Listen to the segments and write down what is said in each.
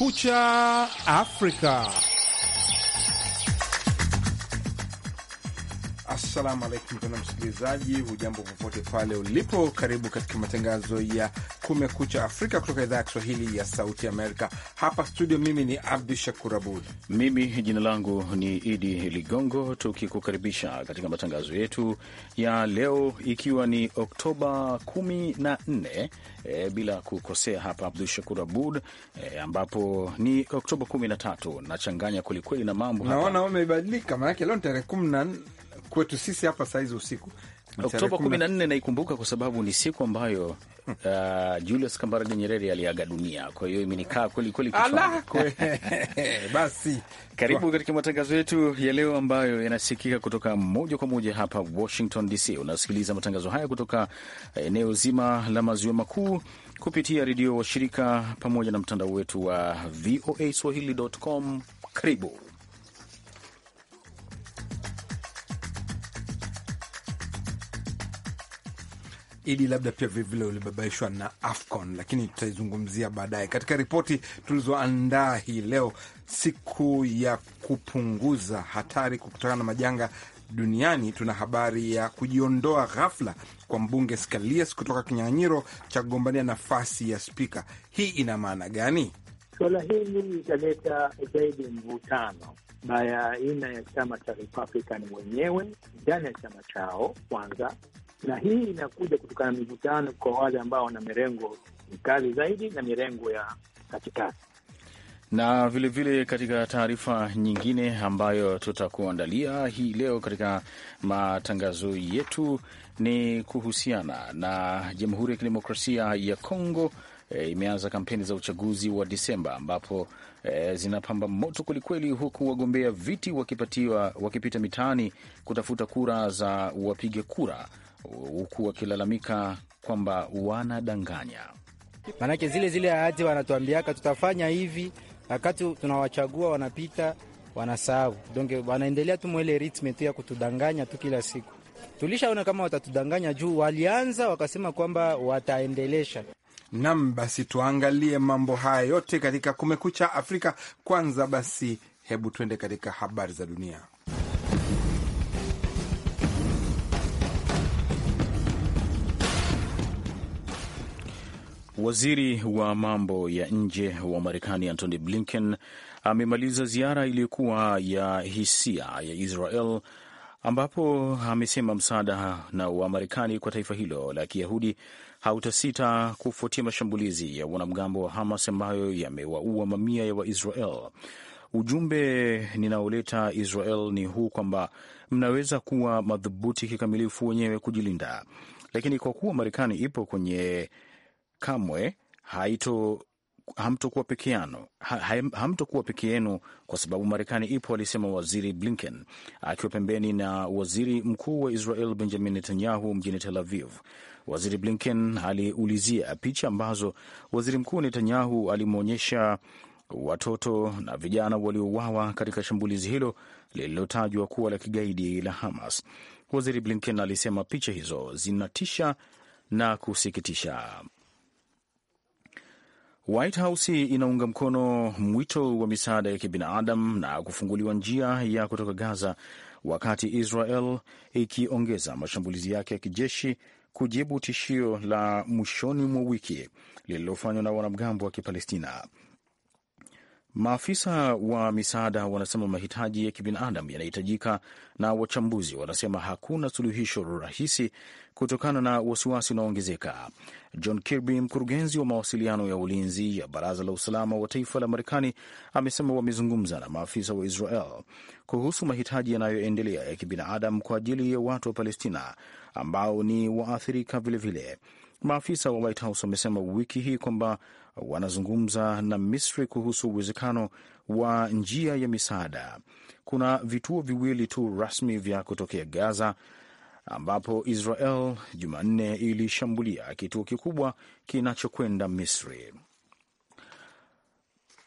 Kumekucha Afrika. Assalamu alaikum tena msikilizaji, hujambo popote pale ulipo, karibu katika matangazo ya Kumekucha Afrika kutoka idhaa ya Kiswahili ya Sauti Amerika hapa studio. Mimi ni Abdu Shakur Abud, mimi jina langu ni Idi Ligongo, tukikukaribisha katika matangazo yetu ya leo, ikiwa ni Oktoba 14 e, bila kukosea hapa Abdu Shakur Abud e, ambapo ni Oktoba 13 nachanganya kwelikweli na mambo naona umebadilika, maanake leo ni tarehe 14 kwetu sisi hapa saizi usiku Oktoba 14 naikumbuka kwa sababu ni siku ambayo hmm. uh, Julius Kambarage Nyerere aliaga dunia. Kwa hiyo imenikaa kweli kweli kichwani. Basi karibu katika matangazo yetu ya leo ambayo yanasikika kutoka moja kwa moja hapa Washington DC. Unasikiliza matangazo haya kutoka eh, eneo zima la maziwa makuu kupitia redio washirika pamoja na mtandao wetu wa voa swahili.com. Karibu Idi, labda pia vilevile ulibabaishwa na AFCON, lakini tutaizungumzia baadaye katika ripoti tulizoandaa hii leo, siku ya kupunguza hatari kutokana na majanga duniani. Tuna habari ya kujiondoa ghafla kwa mbunge Scalias kutoka kinyang'anyiro cha kugombania nafasi ya spika. Hii ina maana gani? Suala hili litaleta zaidi mvutano baya aina ya chama cha Republican wenyewe ndani ya chama chao kwanza, na hii inakuja kutokana na mivutano kwa wale ambao wana mirengo mikali zaidi na mirengo ya katikati. Na vilevile vile katika taarifa nyingine ambayo tutakuandalia hii leo katika matangazo yetu ni kuhusiana na Jamhuri ya Kidemokrasia ya Kongo. E, imeanza kampeni za uchaguzi wa Disemba ambapo e, zinapamba moto kwelikweli, huku wagombea viti wakipatiwa wakipita mitaani kutafuta kura za wapiga kura huku wakilalamika kwamba wanadanganya. Maanake zile zile ahadi wanatuambiaka tutafanya hivi, wakati tunawachagua wanapita, wanasahau donge, wanaendelea tu mwele ritme tu ya kutudanganya tu kila siku. Tulishaona kama watatudanganya juu walianza wakasema kwamba wataendelesha nam. Basi tuangalie mambo haya yote katika Kumekucha Afrika. Kwanza basi, hebu tuende katika habari za dunia. Waziri wa mambo ya nje wa Marekani Antony Blinken amemaliza ziara iliyokuwa ya hisia ya Israel ambapo amesema msaada na wa Marekani kwa taifa hilo la Kiyahudi hautasita kufuatia mashambulizi ya wanamgambo wa Hamas ambayo yamewaua mamia ya Waisrael. Ujumbe ninaoleta Israel ni huu kwamba mnaweza kuwa madhubuti kikamilifu wenyewe kujilinda, lakini kwa kuwa Marekani ipo kwenye kamwe haito hamtokuwa peke yenu ha, hamtokuwa peke yenu kwa sababu Marekani ipo, alisema Waziri Blinken akiwa pembeni na waziri mkuu wa Israel Benjamin Netanyahu mjini Tel Aviv. Waziri Blinken aliulizia picha ambazo waziri mkuu Netanyahu alimwonyesha watoto na vijana waliouawa katika shambulizi hilo lililotajwa kuwa la kigaidi la Hamas. Waziri Blinken alisema picha hizo zinatisha na kusikitisha. White House inaunga mkono mwito wa misaada ya kibinadamu na kufunguliwa njia ya kutoka Gaza, wakati Israel ikiongeza mashambulizi yake ya kijeshi kujibu tishio la mwishoni mwa wiki lililofanywa na wanamgambo wa Kipalestina. Maafisa wa misaada wanasema mahitaji ya kibinadamu yanahitajika, na wachambuzi wanasema hakuna suluhisho rahisi kutokana na wasiwasi unaoongezeka. John Kirby, mkurugenzi wa mawasiliano ya ulinzi ya Baraza la Usalama wa Taifa la Marekani, amesema wamezungumza na maafisa wa Israel kuhusu mahitaji yanayoendelea ya kibinadamu kwa ajili ya watu wa Palestina ambao ni waathirika vilevile vile. Maafisa wa White House wamesema wiki hii kwamba wanazungumza na Misri kuhusu uwezekano wa njia ya misaada. Kuna vituo viwili tu rasmi vya kutokea Gaza ambapo Israel Jumanne ilishambulia kituo kikubwa kinachokwenda Misri.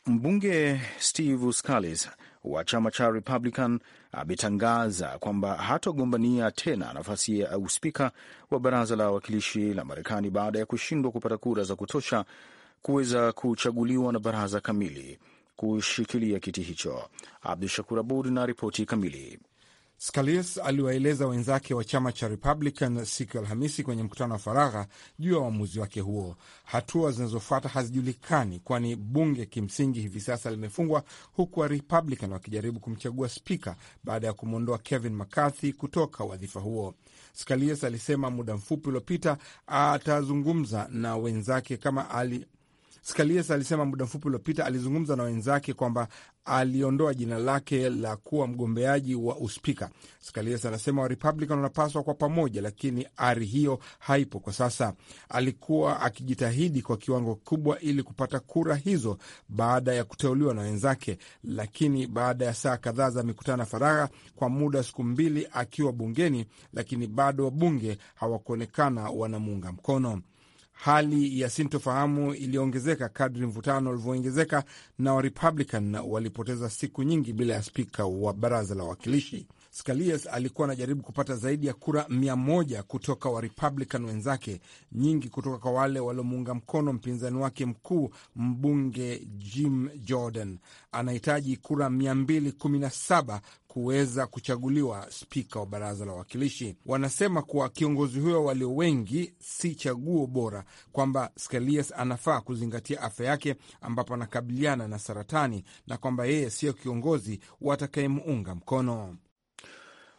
Mbunge Steve Scalise wa chama cha Republican ametangaza kwamba hatogombania tena nafasi ya uspika wa baraza la wawakilishi la Marekani baada ya kushindwa kupata kura za kutosha kuweza kuchaguliwa na baraza kamili kushikilia kiti hicho. Abdu Shakur Abud na ripoti kamili. Scalise aliwaeleza wenzake wa chama cha Republican siku ya Alhamisi kwenye mkutano wa faragha juu ya uamuzi wake huo. Hatua zinazofuata hazijulikani, kwani bunge kimsingi hivi sasa limefungwa, huku wa Republican wakijaribu kumchagua spika baada ya kumwondoa Kevin McCarthy kutoka wadhifa huo. Scalise alisema muda mfupi uliopita atazungumza na wenzake kama ali Scalies alisema muda mfupi uliopita alizungumza na wenzake kwamba aliondoa jina lake la kuwa mgombeaji wa uspika. Scalies anasema Warepublican wanapaswa kwa pamoja, lakini ari hiyo haipo kwa sasa. Alikuwa akijitahidi kwa kiwango kikubwa ili kupata kura hizo baada ya kuteuliwa na wenzake, lakini baada ya saa kadhaa za mikutano ya faragha kwa muda wa siku mbili akiwa bungeni, lakini bado wabunge hawakuonekana wanamuunga mkono. Hali ya sintofahamu iliongezeka kadri mvutano ulivyoongezeka na Warepublican walipoteza siku nyingi bila ya spika wa baraza la wawakilishi. Scalias alikuwa anajaribu kupata zaidi ya kura mia moja kutoka wa Republican wenzake, nyingi kutoka kwa wale waliomuunga mkono mpinzani wake mkuu mbunge Jim Jordan. Anahitaji kura 217 kuweza kuchaguliwa spika wa baraza la wawakilishi. Wanasema kuwa kiongozi huyo walio wengi si chaguo bora, kwamba Scalias anafaa kuzingatia afya yake, ambapo anakabiliana na saratani na kwamba yeye siyo kiongozi watakayemuunga mkono.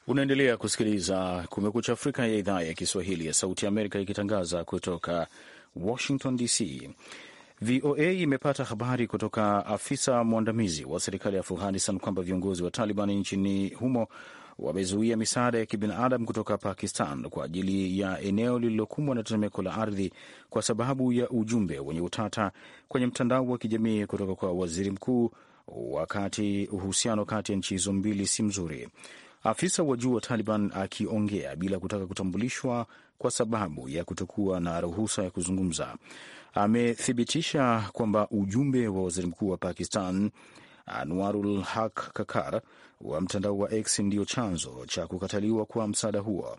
Unaendelea kusikiliza Kumekucha Afrika ya idhaa ya Kiswahili ya Sauti ya Amerika ikitangaza kutoka Washington DC. VOA imepata habari kutoka afisa mwandamizi wa serikali ya Afghanistan kwamba viongozi wa Taliban nchini humo wamezuia misaada ya kibinadamu kutoka Pakistan kwa ajili ya eneo lililokumbwa na tetemeko la ardhi kwa sababu ya ujumbe wenye utata kwenye mtandao wa kijamii kutoka kwa waziri mkuu, wakati uhusiano kati ya nchi hizo mbili si mzuri. Afisa wa juu wa Taliban akiongea bila kutaka kutambulishwa kwa sababu ya kutokuwa na ruhusa ya kuzungumza, amethibitisha kwamba ujumbe wa waziri mkuu wa Pakistan Anwarul Haq Kakar wa mtandao wa X ndiyo chanzo cha kukataliwa kwa msaada huo.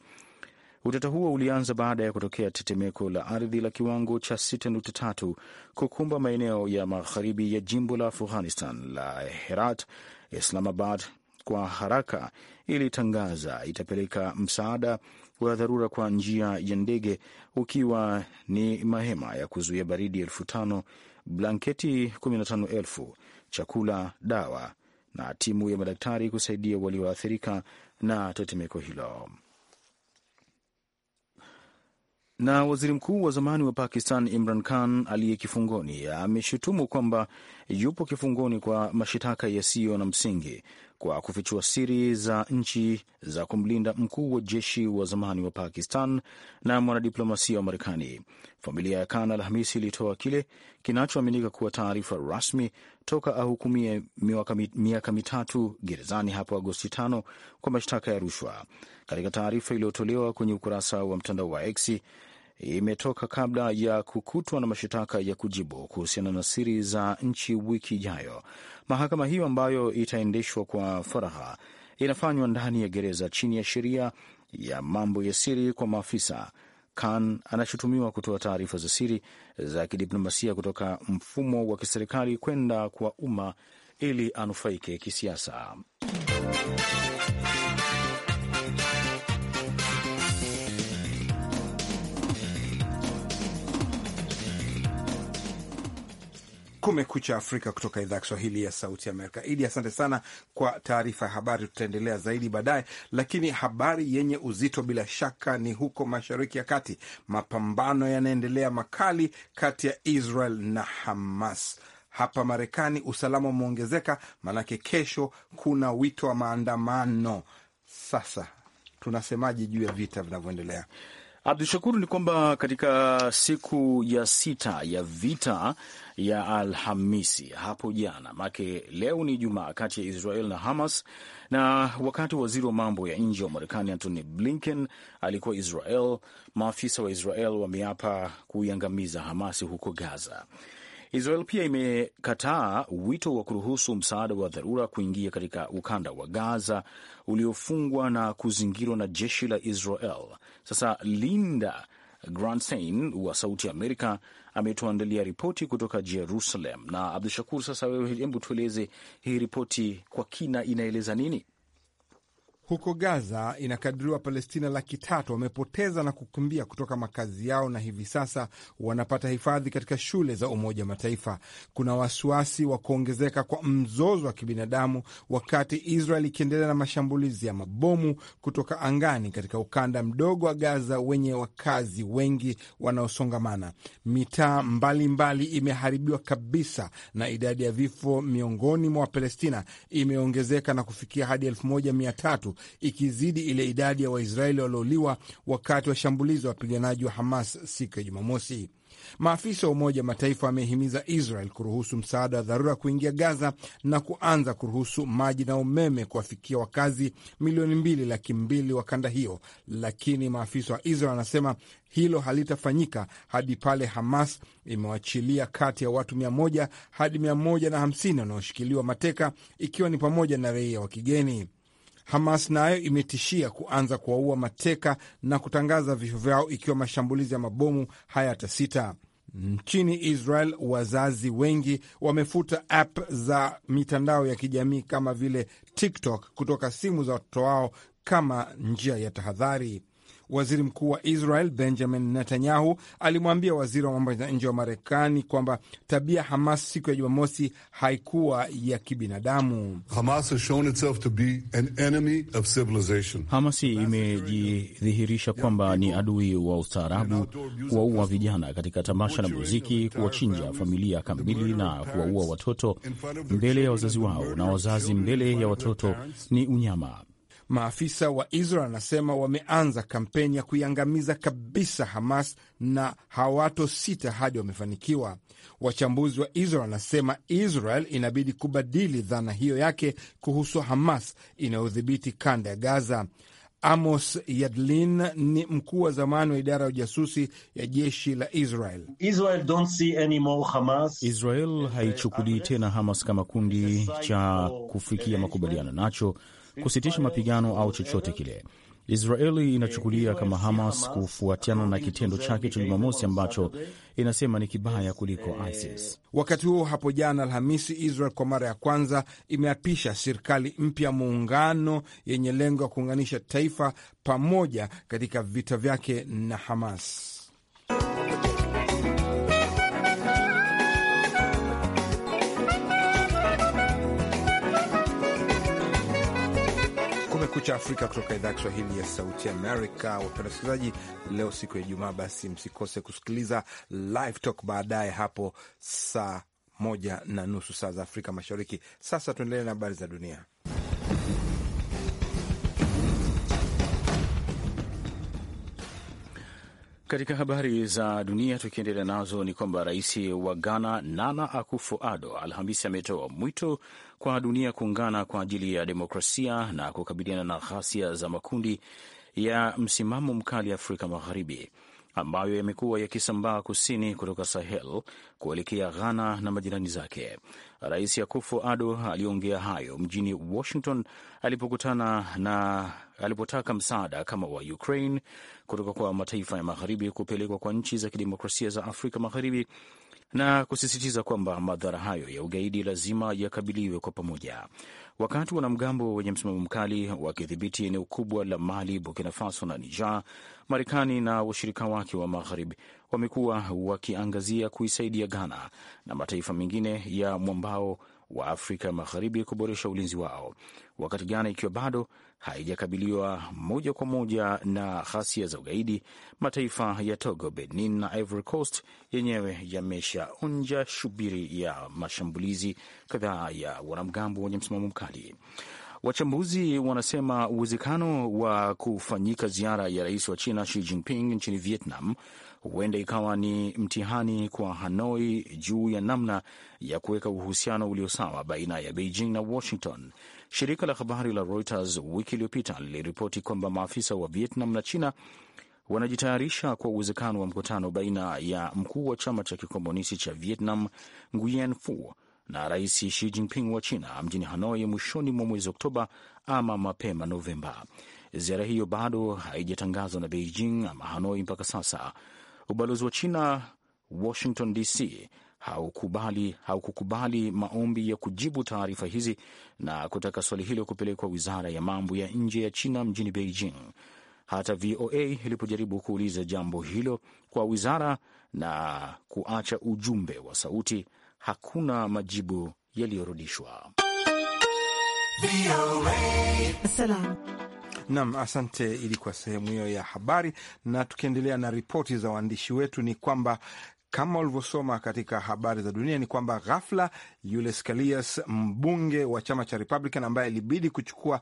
Utata huo ulianza baada ya kutokea tetemeko la ardhi la kiwango cha 6.3 kukumba maeneo ya magharibi ya jimbo la Afghanistan la Herat, Islamabad kwa haraka ilitangaza itapeleka msaada wa dharura kwa njia ya ndege, ukiwa ni mahema ya kuzuia baridi elfu tano, blanketi kumi na tano elfu, chakula, dawa na timu ya madaktari kusaidia walioathirika na tetemeko hilo. Na waziri mkuu wa zamani wa Pakistan Imran Khan aliye kifungoni ameshutumu kwamba yupo kifungoni kwa mashitaka yasiyo na msingi kwa kufichua siri za nchi za kumlinda mkuu wa jeshi wa zamani wa Pakistan na mwanadiplomasia wa Marekani. Familia ya Khan Alhamisi ilitoa kile kinachoaminika kuwa taarifa rasmi toka ahukumie miaka mitatu gerezani hapo Agosti tano kwa mashtaka ya rushwa. Katika taarifa iliyotolewa kwenye ukurasa wa mtandao wa exi imetoka kabla ya kukutwa na mashitaka ya kujibu kuhusiana na siri za nchi wiki ijayo. Mahakama hiyo ambayo itaendeshwa kwa faraha inafanywa ndani ya gereza chini ya sheria ya mambo ya siri kwa maafisa. Khan anashutumiwa kutoa taarifa za siri za kidiplomasia kutoka mfumo wa kiserikali kwenda kwa umma ili anufaike kisiasa. Kumekucha Afrika kutoka idhaa ya Kiswahili ya Sauti Amerika. Idi, asante sana kwa taarifa ya habari, tutaendelea zaidi baadaye, lakini habari yenye uzito bila shaka ni huko Mashariki ya Kati. Mapambano yanaendelea makali kati ya Israel na Hamas. Hapa Marekani usalama umeongezeka, maanake kesho kuna wito wa maandamano. Sasa tunasemaje juu ya vita vinavyoendelea? Abdu Shakuru, ni kwamba katika siku ya sita ya vita ya Alhamisi hapo jana, make leo ni Jumaa, kati ya Israel na Hamas, na wakati waziri wa mambo ya nje wa Marekani Antony Blinken alikuwa Israel, maafisa wa Israel wameapa kuiangamiza Hamasi huko Gaza. Israel pia imekataa wito wa kuruhusu msaada wa dharura kuingia katika ukanda wa Gaza uliofungwa na kuzingirwa na jeshi la Israel. Sasa Linda Grantstein wa Sauti Amerika ametuandalia ripoti kutoka Jerusalem. Na Abdu Shakur, sasa wewe, hebu tueleze hii ripoti kwa kina, inaeleza nini? Huko Gaza inakadiriwa Palestina laki tatu wamepoteza na kukimbia kutoka makazi yao na hivi sasa wanapata hifadhi katika shule za Umoja wa Mataifa. Kuna wasiwasi wa kuongezeka kwa mzozo wa kibinadamu wakati Israel ikiendelea na mashambulizi ya mabomu kutoka angani katika ukanda mdogo wa Gaza wenye wakazi wengi wanaosongamana. Mitaa mbalimbali imeharibiwa kabisa na idadi ya vifo miongoni mwa Wapalestina imeongezeka na kufikia hadi elfu moja mia tatu ikizidi ile idadi ya Waisraeli waliouliwa wakati wa shambulizi wa wapiganaji wa Hamas siku ya Jumamosi. Maafisa wa Umoja wa Mataifa wamehimiza Israel kuruhusu msaada wa dharura kuingia Gaza na kuanza kuruhusu maji na umeme kuwafikia wakazi milioni mbili laki mbili wa kanda hiyo, lakini maafisa wa Israel wanasema hilo halitafanyika hadi pale Hamas imewachilia kati ya watu mia moja hadi mia moja na hamsini wanaoshikiliwa mateka, ikiwa ni pamoja na raia wa kigeni. Hamas nayo na imetishia kuanza kuwaua mateka na kutangaza vifo vyao ikiwa mashambulizi ya mabomu hayatasita. Nchini Israel wazazi wengi wamefuta app za mitandao ya kijamii kama vile TikTok kutoka simu za watoto wao kama njia ya tahadhari. Waziri mkuu wa Israel Benjamin Netanyahu alimwambia waziri wa mambo ya nje wa Marekani kwamba tabia Hamas siku ya Jumamosi haikuwa ya kibinadamu. Hamas imejidhihirisha kwamba ni adui wa ustaarabu, kuwaua vijana katika tamasha la muziki, kuwachinja familia kamili na kuwaua watoto mbele ya wazazi wao na wazazi mbele ya watoto ni unyama. Maafisa wa Israel wanasema wameanza kampeni ya kuiangamiza kabisa Hamas na hawato sita hadi wamefanikiwa. Wachambuzi wa Israel wanasema Israel inabidi kubadili dhana hiyo yake kuhusu Hamas inayodhibiti kanda ya Gaza. Amos Yadlin ni mkuu wa zamani wa idara ya ujasusi ya jeshi la Israel. Israel, don't see any more Hamas. Israel haichukulii tena Hamas kama kundi cha kufikia makubaliano nacho kusitisha mapigano au chochote kile. Israeli inachukulia kama Hamas kufuatiana na kitendo chake cha Jumamosi ambacho inasema ni kibaya kuliko ISIS. Wakati huo hapo jana Alhamisi, Israel kwa mara ya kwanza imeapisha serikali mpya muungano yenye lengo ya kuunganisha taifa pamoja katika vita vyake na Hamas. Kumekucha Afrika kutoka idhaa ya Kiswahili ya Sauti Amerika. Wapenda wasikilizaji, leo siku ya Ijumaa, basi msikose kusikiliza Live Talk baadaye hapo saa moja na nusu saa za Afrika Mashariki. Sasa tuendelee na habari za dunia. Katika habari za dunia tukiendelea nazo ni kwamba rais wa Ghana Nana Akufo-Addo Alhamisi ametoa mwito kwa dunia kuungana kwa ajili ya demokrasia na kukabiliana na ghasia za makundi ya msimamo mkali Afrika Magharibi ambayo yamekuwa yakisambaa kusini kutoka Sahel kuelekea Ghana na majirani zake. Rais Akufo-Addo aliongea hayo mjini Washington alipokutana na alipotaka msaada kama wa Ukraine kutoka kwa mataifa ya magharibi kupelekwa kwa nchi za kidemokrasia za Afrika Magharibi na kusisitiza kwamba madhara hayo ya ugaidi lazima yakabiliwe kwa pamoja. Wakati wanamgambo wenye msimamo mkali wakidhibiti eneo kubwa la Mali, Burkina Faso na Niger, Marekani na washirika wake wa Magharibi wamekuwa wakiangazia kuisaidia Ghana na mataifa mengine ya mwambao wa Afrika Magharibi kuboresha ulinzi wao, wakati Ghana ikiwa bado haijakabiliwa moja kwa moja na ghasia za ugaidi. Mataifa ya Togo, Benin na Ivory Coast yenyewe yameshaonja shubiri ya mashambulizi kadhaa ya wanamgambo wenye msimamo mkali. Wachambuzi wanasema uwezekano wa kufanyika ziara ya rais wa China Xi Jinping nchini Vietnam huenda ikawa ni mtihani kwa Hanoi juu ya namna ya kuweka uhusiano ulio sawa baina ya Beijing na Washington. Shirika la habari la Reuters wiki iliyopita liliripoti kwamba maafisa wa Vietnam na China wanajitayarisha kwa uwezekano wa mkutano baina ya mkuu wa chama cha kikomunisti cha Vietnam Nguyen Phu na Rais Xi Jinping wa China mjini Hanoi mwishoni mwa mwezi Oktoba ama mapema Novemba. Ziara hiyo bado haijatangazwa na Beijing ama Hanoi mpaka sasa. Ubalozi wa China Washington DC haukubali haukukubali maombi ya kujibu taarifa hizi na kutaka swali hilo kupelekwa wizara ya mambo ya nje ya China mjini Beijing. Hata VOA ilipojaribu kuuliza jambo hilo kwa wizara na kuacha ujumbe wa sauti, hakuna majibu yaliyorudishwa. Nam, asante. Ilikuwa sehemu hiyo ya habari, na tukiendelea na ripoti za waandishi wetu ni kwamba kama ulivyosoma katika habari za dunia ni kwamba ghafla yule Scalias, mbunge wa chama cha Republican ambaye ilibidi kuchukua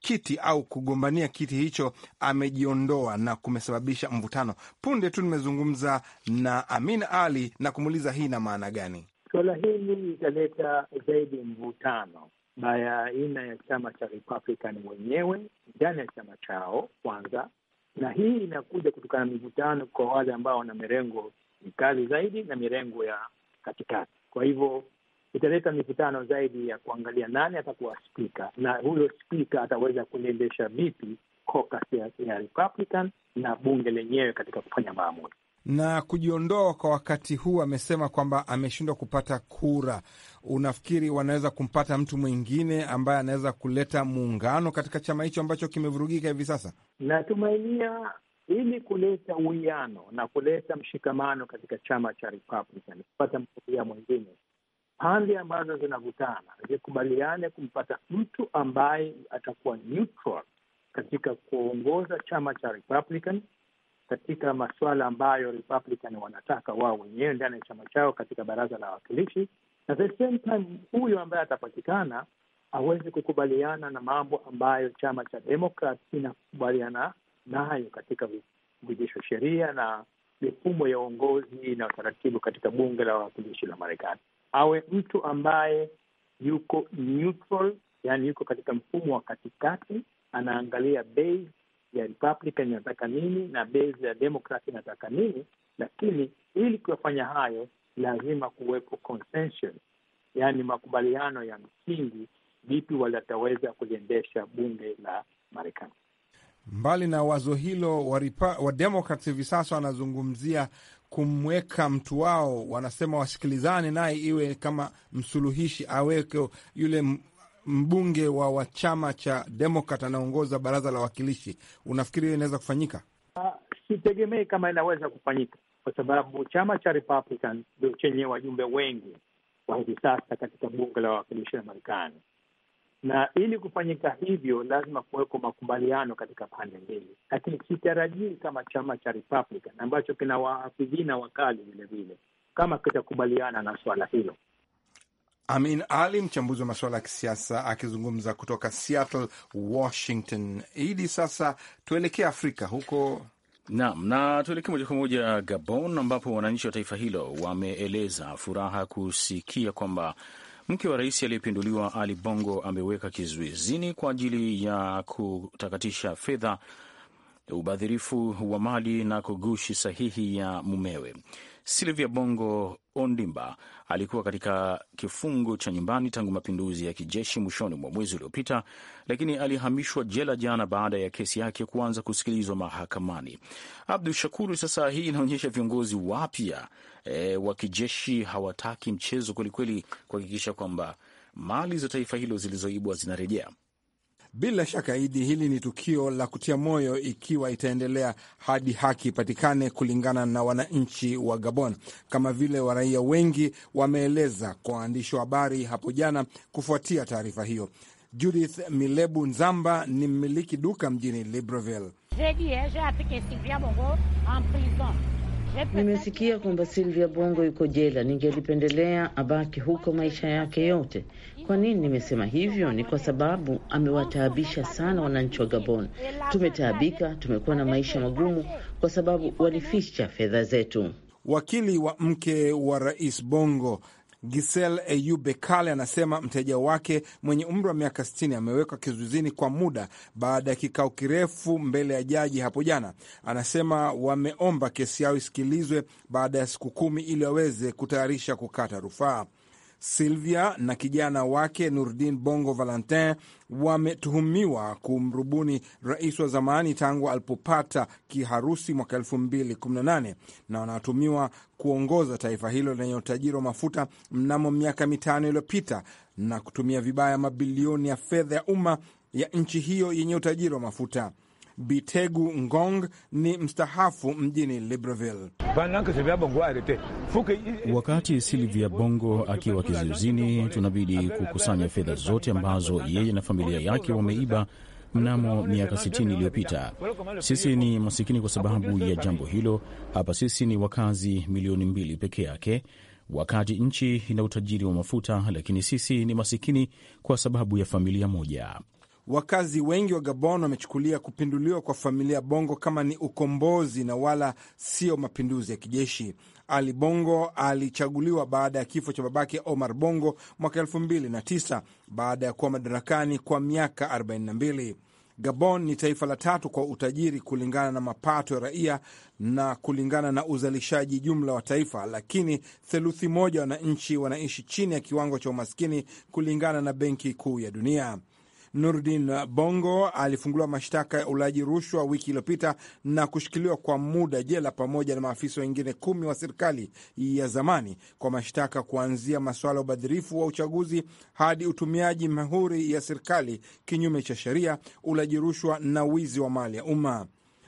kiti au kugombania kiti hicho amejiondoa, na kumesababisha mvutano. Punde tu nimezungumza na Amin Ali na kumuuliza hii ina maana gani. Suala hili italeta zaidi mvutano baya aina ya chama cha Republican wenyewe ndani ya chama chao kwanza, na hii inakuja kutokana na mivutano kwa wale ambao wana mirengo mikali zaidi na mirengo ya katikati. Kwa hivyo italeta mivutano zaidi ya kuangalia nani atakuwa spika na huyo spika ataweza kuliendesha vipi caucus ya Republican na bunge lenyewe katika kufanya maamuzi na kujiondoa kwa wakati huu. Amesema kwamba ameshindwa kupata kura. Unafikiri wanaweza kumpata mtu mwingine ambaye anaweza kuleta muungano katika chama hicho ambacho kimevurugika hivi sasa? Natumainia ili kuleta uwiano na kuleta mshikamano katika chama cha Republican, kupata mgombea mwingine, pande ambazo zinavutana zikubaliane kumpata mtu ambaye atakuwa neutral katika kuongoza chama cha Republican katika masuala ambayo Republican wanataka wao wenyewe ndani ya chama chao katika baraza la wawakilishi, na the same time huyo ambaye atapatikana aweze kukubaliana na mambo ambayo chama cha Demokrat kinakubaliana nayo katika vijisho sheria na mifumo ya uongozi na utaratibu katika bunge la wawakilishi la Marekani. Awe mtu ambaye yuko neutral, yani yuko katika mfumo wa katikati, anaangalia base ya Republican inataka nini na base ya Democrat inataka nini, lakini ili kuyafanya hayo lazima kuwepo consensus, yaani makubaliano ya msingi, vipi wataweza kuliendesha bunge la Marekani. Mbali na wazo hilo, Wademokrat wa hivi sasa wanazungumzia kumweka mtu wao, wanasema wasikilizane naye, iwe kama msuluhishi, aweke yule mbunge wa wa chama cha Demokrat anaongoza baraza la wawakilishi. Unafikiri hiyo inaweza kufanyika? Ah, sitegemei kama inaweza kufanyika kwa sababu chama cha Republican ndio chenye wajumbe wengi wa hivi sasa katika bunge la wawakilishi la Marekani, na ili kufanyika hivyo lazima kuwekwa makubaliano katika pande mbili, lakini sitarajii kama chama cha Republican ambacho kina wahafidhina wakali vilevile kama kitakubaliana na swala hilo. Amin Ali, mchambuzi wa masuala ya kisiasa, akizungumza kutoka Seattle, Washington. Idi, sasa tuelekee Afrika huko Naam, na, na tuelekee moja kwa moja Gabon, ambapo wananchi wa taifa hilo wameeleza furaha kusikia kwamba mke wa rais aliyepinduliwa Ali Bongo ameweka kizuizini kwa ajili ya kutakatisha fedha, ubadhirifu wa mali na kugushi sahihi ya mumewe. Silvia Bongo Ondimba alikuwa katika kifungo cha nyumbani tangu mapinduzi ya kijeshi mwishoni mwa mwezi uliopita, lakini alihamishwa jela jana baada ya kesi yake kuanza kusikilizwa mahakamani. Abdu Shakuru, sasa hii inaonyesha viongozi wapya e, wa kijeshi hawataki mchezo kwelikweli kuhakikisha kwamba mali za taifa hilo zilizoibwa zinarejea. Bila shaka Idi, hili ni tukio la kutia moyo ikiwa itaendelea hadi haki ipatikane, kulingana na wananchi wa Gabon, kama vile waraia wengi wameeleza kwa waandishi wa habari hapo jana kufuatia taarifa hiyo. Judith Milebu Nzamba ni mmiliki duka mjini Libreville. Nimesikia kwamba Silvia Bongo yuko jela, ningelipendelea abaki huko maisha yake yote kwa nini nimesema hivyo? Ni kwa sababu amewataabisha sana wananchi wa Gabon. Tumetaabika, tumekuwa na maisha magumu kwa sababu walificha fedha zetu. Wakili wa mke wa Rais Bongo Gisel Eyube Kale anasema mteja wake mwenye umri wa miaka 60 amewekwa kizuizini kwa muda baada ya kikao kirefu mbele ya jaji hapo jana. Anasema wameomba kesi yao isikilizwe baada ya siku kumi ili waweze kutayarisha kukata rufaa. Silvia na kijana wake Nurdin Bongo Valentin wametuhumiwa kumrubuni rais wa zamani tangu alipopata kiharusi mwaka 2018 na wanatumiwa kuongoza taifa hilo lenye utajiri wa mafuta mnamo miaka mitano iliyopita na kutumia vibaya mabilioni ya fedha ya umma ya nchi hiyo yenye utajiri wa mafuta. Bitegu Ngong ni mstahafu mjini Libreville. Wakati Silvia Bongo akiwa kizuizini, tunabidi kukusanya fedha zote ambazo yeye na familia yake wameiba mnamo miaka 60 iliyopita. Sisi ni masikini kwa sababu ya jambo hilo. Hapa sisi ni wakazi milioni mbili peke yake, wakati nchi ina utajiri wa mafuta, lakini sisi ni masikini kwa sababu ya familia moja. Wakazi wengi wa Gabon wamechukulia kupinduliwa kwa familia Bongo kama ni ukombozi na wala sio mapinduzi ya kijeshi. Ali Bongo alichaguliwa baada ya kifo cha babake Omar Bongo mwaka 29 baada ya kuwa madarakani kwa miaka 42. Gabon ni taifa la tatu kwa utajiri kulingana na mapato ya raia na kulingana na uzalishaji jumla wa taifa, lakini theluthi moja wananchi wanaishi chini ya kiwango cha umaskini kulingana na Benki Kuu ya Dunia. Nurdin Bongo alifunguliwa mashtaka ya ulaji rushwa wiki iliyopita na kushikiliwa kwa muda jela pamoja na maafisa wengine kumi wa serikali ya zamani kwa mashtaka kuanzia masuala ya ubadhirifu wa uchaguzi hadi utumiaji mahuri ya serikali kinyume cha sheria, ulaji rushwa na wizi wa mali ya umma.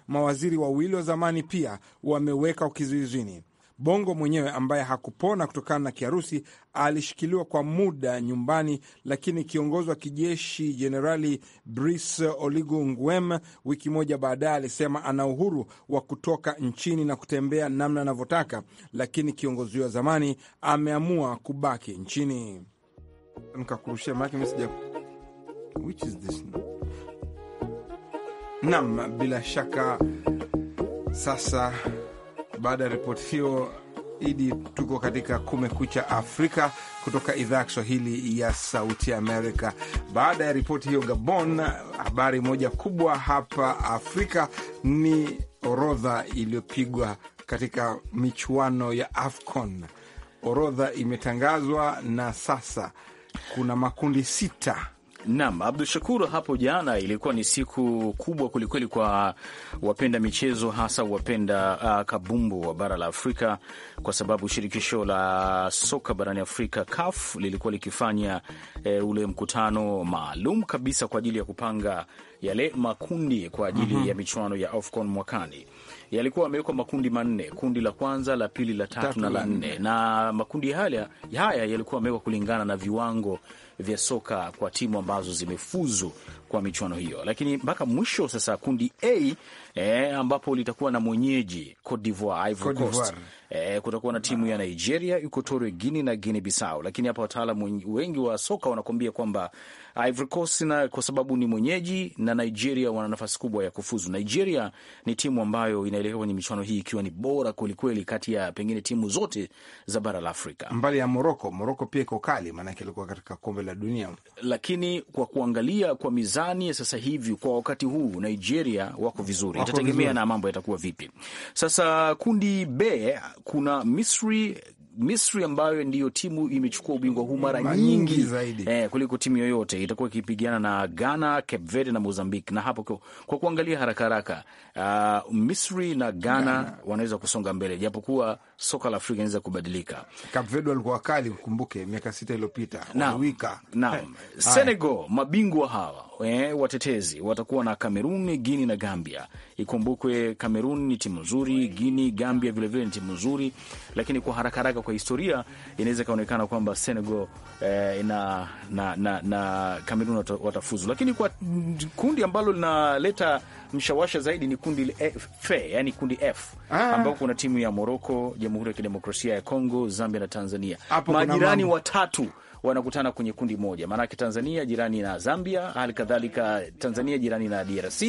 Mawaziri wawili wa zamani pia wameweka kizuizini. Bongo mwenyewe ambaye hakupona kutokana na kiharusi alishikiliwa kwa muda nyumbani, lakini kiongozi wa kijeshi Jenerali Brice oligu nguem wiki moja baadaye alisema ana uhuru wa kutoka nchini na kutembea namna anavyotaka, lakini kiongozi huyo wa zamani ameamua kubaki nchini. Nam, bila shaka sasa baada ya ripoti hiyo Idi, tuko katika Kumekucha Afrika kutoka idhaa ya Kiswahili ya Sauti Amerika. Baada ya ripoti hiyo Gabon, habari moja kubwa hapa Afrika ni orodha iliyopigwa katika michuano ya AFCON. Orodha imetangazwa na sasa kuna makundi sita Naam, Abdu Shakur, hapo jana ilikuwa ni siku kubwa kwelikweli kwa wapenda michezo, hasa wapenda uh, kabumbu wa bara la Afrika, kwa sababu shirikisho la soka barani Afrika CAF lilikuwa likifanya uh, ule mkutano maalum kabisa kwa ajili ya kupanga yale makundi kwa ajili mm -hmm. ya michuano ya AFCON mwakani yalikuwa yamewekwa makundi manne, kundi la kwanza, la pili, la tatu, tatu na la nne, na makundi haya, haya yalikuwa yamewekwa kulingana na viwango vya soka kwa timu ambazo zimefuzu kwa michuano hiyo, lakini mpaka mwisho sasa kundi A e, ambapo litakuwa na mwenyeji Cote d'Ivoire, Ivory Coast. E, kutakuwa na timu ya Nigeria, Equatorial Guinea na Guinea Bissau, lakini hapa wataalamu wengi wa soka wanakuambia kwamba Ivory Coast na kwa sababu ni mwenyeji na Nigeria wana nafasi kubwa ya kufuzu. Nigeria ni timu ambayo inaelekea kwenye michuano hii ikiwa ni bora kwelikweli kati ya pengine timu zote za bara la Afrika, mbali ya Moroko. Moroko pia iko kali, maanake ilikuwa katika kombe la dunia, lakini kwa kuangalia kwa mizani ya sasa hivi kwa wakati huu Nigeria wako vizuri itategemea na mambo yatakuwa vipi. Sasa kundi B kuna Misri Misri ambayo ndiyo timu imechukua ubingwa huu mara nyingi zaidi eh, kuliko timu yoyote. Itakuwa ikipigana na Ghana, Cape Verde na Mozambique, na hapo kwa kuangalia haraka haraka, uh, Misri na Ghana, Ghana wanaweza kusonga mbele japokuwa soka la Afrika inaweza kubadilika. Kapverde walikuwa wakali, ukumbuke miaka sita iliyopita wika na Senegal mabingwa hawa eh, watetezi watakuwa na Kamerun, Guini na Gambia. Ikumbukwe Kamerun ni timu nzuri, Guini, Gambia vilevile ni timu nzuri, lakini kwa haraka haraka, kwa historia inaweza ikaonekana kwamba Senegal eh, na, na, na, na Kamerun watafuzu, lakini kwa kundi ambalo linaleta mshawasha zaidi ni kundi F, yani kundi F ah. ambao kuna timu ya Moroko, Jamhuri ya Kidemokrasia ya Kongo, Zambia na Tanzania. Majirani watatu wanakutana kwenye kundi moja, maanake Tanzania jirani na Zambia, hali kadhalika Tanzania jirani na DRC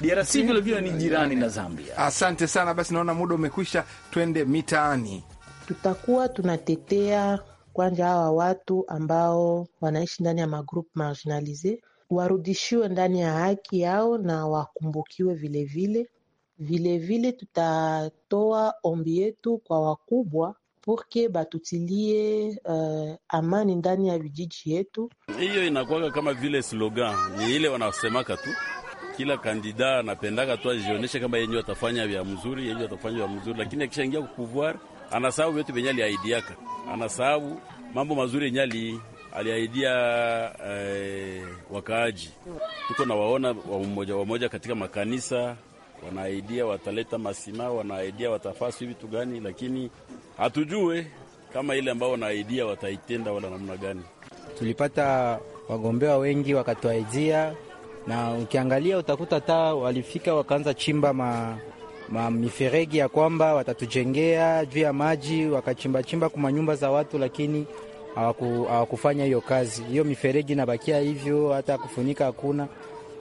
DRC vilevile ni jirani na Zambia. Asante sana. Basi naona muda umekwisha, twende mitaani. Tutakuwa tunatetea kwanja hawa watu ambao wanaishi ndani ya magrup marginalise warudishiwe ndani ya haki yao na wakumbukiwe vilevile vile. Vilevile tutatoa ombi yetu kwa wakubwa porke batutilie uh, amani ndani ya vijiji yetu. Hiyo inakuwaga kama vile slogan, ni ile wanasemaka tu kila kandida anapendaka tu ajionyeshe kama yenye atafanya vya mzuri, yenye atafanya vya mzuri, lakini akishaingia pouvoir anasahau vyote vyenye aliaidiaka anasahau mambo mazuri yenye ali eh, wakaaji. Tuko na waona wa wamoja katika makanisa wanaaidia wataleta masima, wanaaidia watafasi vitu gani, lakini hatujue kama ile ambao wanaaidia wataitenda wala namna gani. Tulipata wagombea wengi wakatuaidia, na ukiangalia utakuta hata walifika wakaanza chimba ma ma miferegi ya kwamba watatujengea juu ya maji, wakachimbachimba kuma nyumba za watu, lakini hawakufanya hiyo kazi. Hiyo miferegi inabakia hivyo, hata kufunika hakuna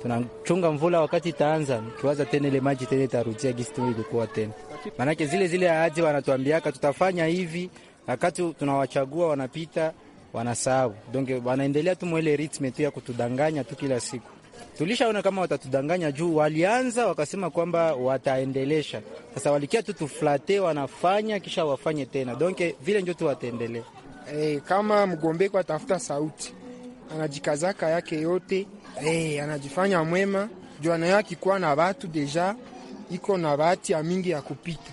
tunachunga mvula wakati itaanza, kiwaza tena ile maji tena itarudia gisi ilikuwa tena, maanake zile zile ahadi wanatuambiaka tutafanya hivi, wakati tunawachagua wanapita wanasahau, donge wanaendelea tu mwele ritme tu ya kutudanganya tu kila siku. Tulishaona kama watatudanganya juu walianza wakasema kwamba wataendelesha, sasa walikia tu tuflate, wanafanya kisha wafanye tena, donke vile njo tu wataendelea. Hey, eh, kama mgombeko atafuta sauti anajikazaka yake yote eh, anajifanya mwema juu anayo akikuwa na watu deja iko na bahati ya mingi ya kupita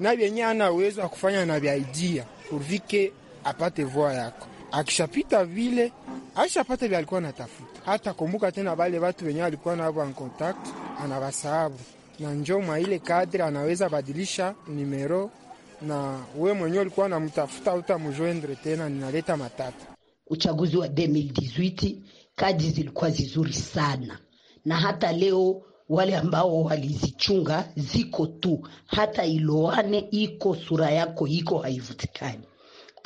na vyenye ana uwezo wa kufanya na vya idea kurvike apate voa yako. Akishapita vile ashapata vya alikuwa anatafuta, hata kumbuka tena wale watu wenye alikuwa nao en contact anawasahabu, na njo mwa ile kadri anaweza badilisha nimero na we mwenyewe ulikuwa namtafuta utamjoindre tena, ninaleta matata uchaguzi wa 2018 kadi zilikuwa zizuri sana, na hata leo wale ambao walizichunga ziko tu, hata iloane iko sura yako iko haivutikani.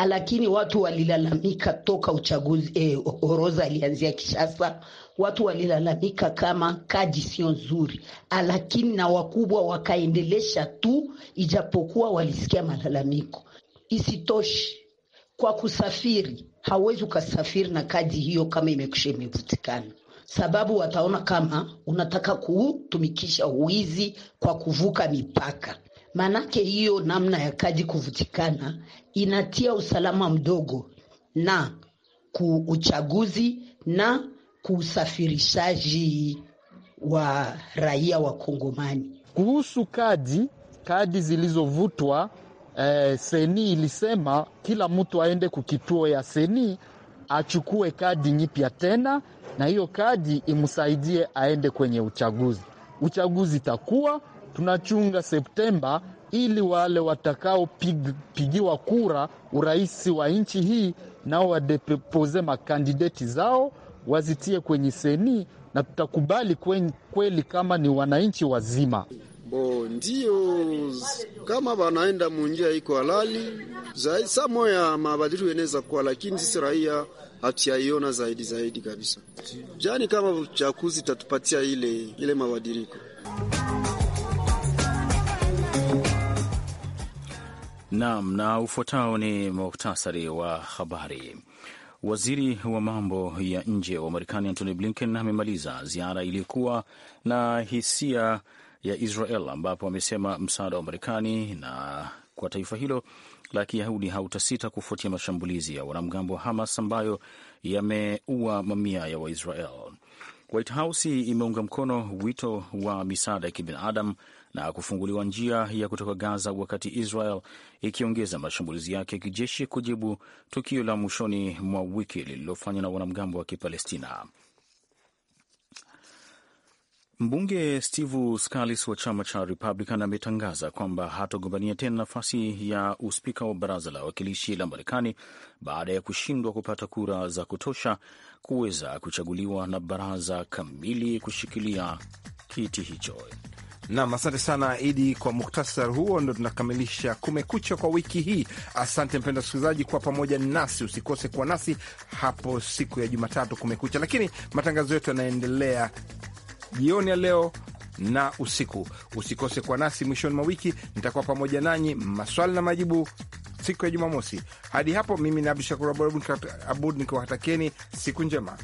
Lakini watu walilalamika toka uchaguzi eh, oroza alianzia Kishasa, watu walilalamika kama kaji sio nzuri, lakini na wakubwa wakaendelesha tu, ijapokuwa walisikia malalamiko. Isitoshi, kwa kusafiri, hauwezi ukasafiri na kadi hiyo kama imekusha imevutikana, sababu wataona kama unataka kutumikisha uwizi kwa kuvuka mipaka. Maanake hiyo namna ya kadi kuvutikana inatia usalama mdogo na kuuchaguzi na kuusafirishaji wa raia wa Kongomani. Kuhusu kadi, kadi zilizovutwa eh, seni ilisema kila mtu aende kukituo ya seni achukue kadi nyipya tena, na hiyo kadi imsaidie aende kwenye uchaguzi. Uchaguzi itakuwa tunachunga Septemba ili wale watakaopigiwa kura urais wa nchi hii nao wadepoze makandideti zao wazitie kwenye seni, na tutakubali kweli kama ni wananchi wazima bo ndio kama banaenda munjia iko halali zaidi, saa moya mabadiliko yanaweza kuwa, lakini sisi raia hatuyaiona zaidi zaidi kabisa. Jani kama chakuzi tatupatia ile ile mabadiriko. Naam, na ufuatao ni muhtasari wa habari. Waziri wa mambo ya nje wa Marekani Antony Blinken amemaliza ziara iliyokuwa na hisia ya Israel ambapo amesema msaada wa Marekani na kwa taifa hilo la Kiyahudi hautasita kufuatia mashambulizi ya wanamgambo wa Hamas ambayo yameua mamia ya Waisrael. White House imeunga mkono wito wa misaada ya kibinadamu na kufunguliwa njia ya kutoka Gaza, wakati Israel ikiongeza mashambulizi yake ya kijeshi kujibu tukio la mwishoni mwa wiki lililofanywa na wanamgambo wa Kipalestina. Mbunge Steve Scalise wa chama cha Republican ametangaza kwamba hatogombania tena nafasi ya uspika wa baraza la wawakilishi la Marekani baada ya kushindwa kupata kura za kutosha kuweza kuchaguliwa na baraza kamili kushikilia kiti hicho. Nam, asante sana Idi, kwa muktasar huo. Ndo tunakamilisha Kumekucha kwa wiki hii. Asante mpenda msikilizaji kwa pamoja nasi. Usikose kuwa nasi hapo siku ya Jumatatu Kumekucha, lakini matangazo yetu yanaendelea jioni ya leo na usiku. Usikose kwa nasi mwishoni mwa wiki, nitakuwa pamoja nanyi, maswali na majibu siku ya Jumamosi. Hadi hapo, mimi ni Abdu Shakur Abud nikiwatakieni siku njema.